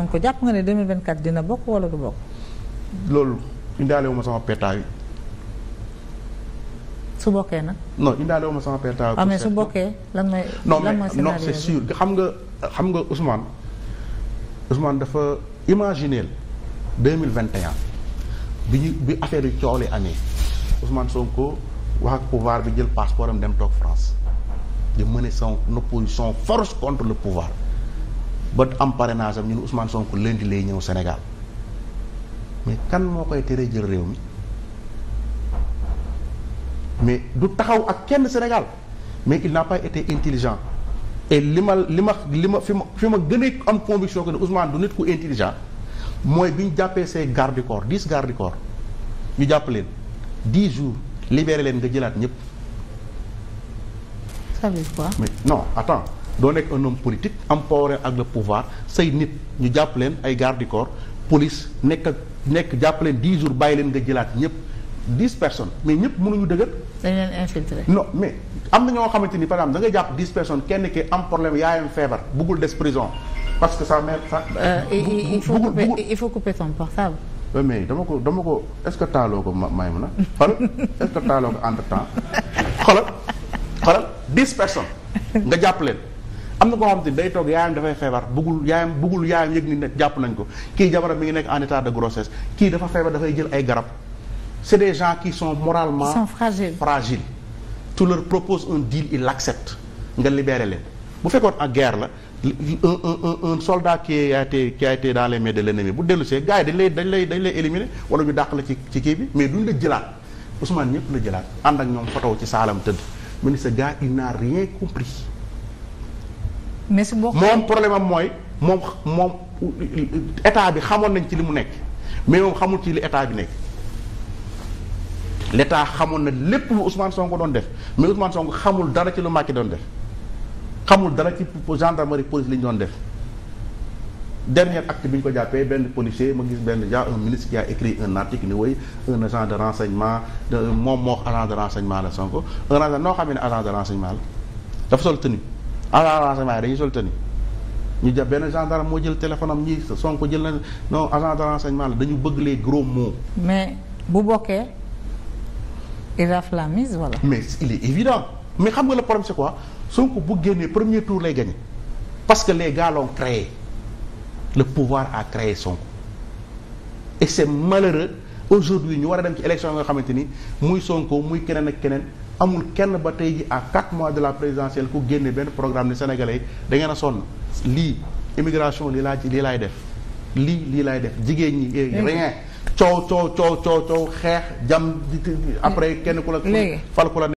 Sonko jàpp nga ne 2024 dina bokk wala du bokk. loolu indaale wu ma sama petaayu. su bokkee nag. non indaale wu ma sama petaayu. Ah, waaw mais su bokkee lan mooy. lan c'est sûr xam nga xam nga Ousmane Ousmane dafa imaginer 2021 bi ñu bi affaire yu coow li amee Ousmane Sonko wax ak pouvoir bi jël passeport am dem toog France di mener son opposition farouche contre le pouvoir. ba am parrainage am ñu ne Ousmane leen di lay ñëw Sénégal mais kan moo koy tere jël réew mi mais du taxaw ak kenn Sénégal mais il n'a pas été intelligent et li ma li ma li ma fi ma fi ma gën am conviction que ne Ousmane du nit ku intelligent mooy bi ñu jàppee ses garde dis corps ñu jàpp leen dix jours libéré leen nga jëlaat ñëpp. ça doo nekk un homme politique empoweré ak le pouvoir say nit ñu jàpp leen ay garde du police nekk ak nekk jàpp leen 10 jours bàyyi leen nga jëlaat ñëpp 10 personne mais ñëpp mënuñu dëgër. dañ leen infiltrer. non mais am na ñoo xamante ni par exemple da nga jàpp 10 personne kenn ki am problème yaayam feebar buggul des prison parce que sa mère sa. Euh, il faut couper il faut couper ton mais dama ko dama ko est-ce que taaloo ko may mun a xoolal est-ce que taaloo ko entre temps xoolal xoolal 10 nga jàpp am na ko xam te day toog yaayam dafay feebar bëggul yaayam bëggul yaayam yëg ni ne jàpp nañ ko kii jabaram mi ngi nekk en état de grossesse kii dafa feebar dafay jël ay garab c'est de gens qui sont moralement Ils sont fragiles. fragiles tu leur un deal ils l'acceptent nga libéré bu fekkoon ak guerre la un un un soldat qui a été qui a été dans bu dellu see gars yi dañ lay dañ lay dañ lay éliminer wala ñu dàq la ci ci kii bi mais duñ la jëlaat Ousmane ñëpp la jëlaat ànd ak ñoom fotow ci saalam tëdd mu sa ce gars il n'a rien compris mais su boo moom problème am mooy moom moom état bi xamoon nañ ci li mu nekk mais moom xamul ci li état bi nekk l' état xamoon na lépp lu Ousmane Sonko doon def mais Ousmane Sonko xamul dara ci lu Macky doon def xamul dara ci gendarmerie police li ñu doon def dernier acte bi ñu ko jàppee benn policier ma gis benn ja un ministre qui a écrit un article ni woy un agent de renseignement moom moo agent de renseignement la Sonko un agent noo xam ne agent de renseignement la dafa sol avant ah, ah, ah, renseignement dañuy sol tenue ñu jàpp benn gendarme moo jël téléphone am ñi Sonko jël na non agent de renseignement la dañu bëgg lee gros mots. mais bu bokkee il raflamise voilà. mais il est évident mais xam nga le problème c'est quoi Sonko bu génnee premier tour lay gagné parce que les gars l'ont créé le pouvoir a créé Sonko et c'est malheureux aujourd'hui ñu war a dem ci élection nga xamante ni muy Sonko muy keneen ak keneen. amul kenn ba tey ji à quatre mois de la présidentielle ku génne benn programme ni sénégalais da ngeen a sonn lii immigration lii laa ci lii laay def lii lii laay def jigéen ñi eh, rien coow coow coow coow coow xeex jam après kenn ku la fal ku la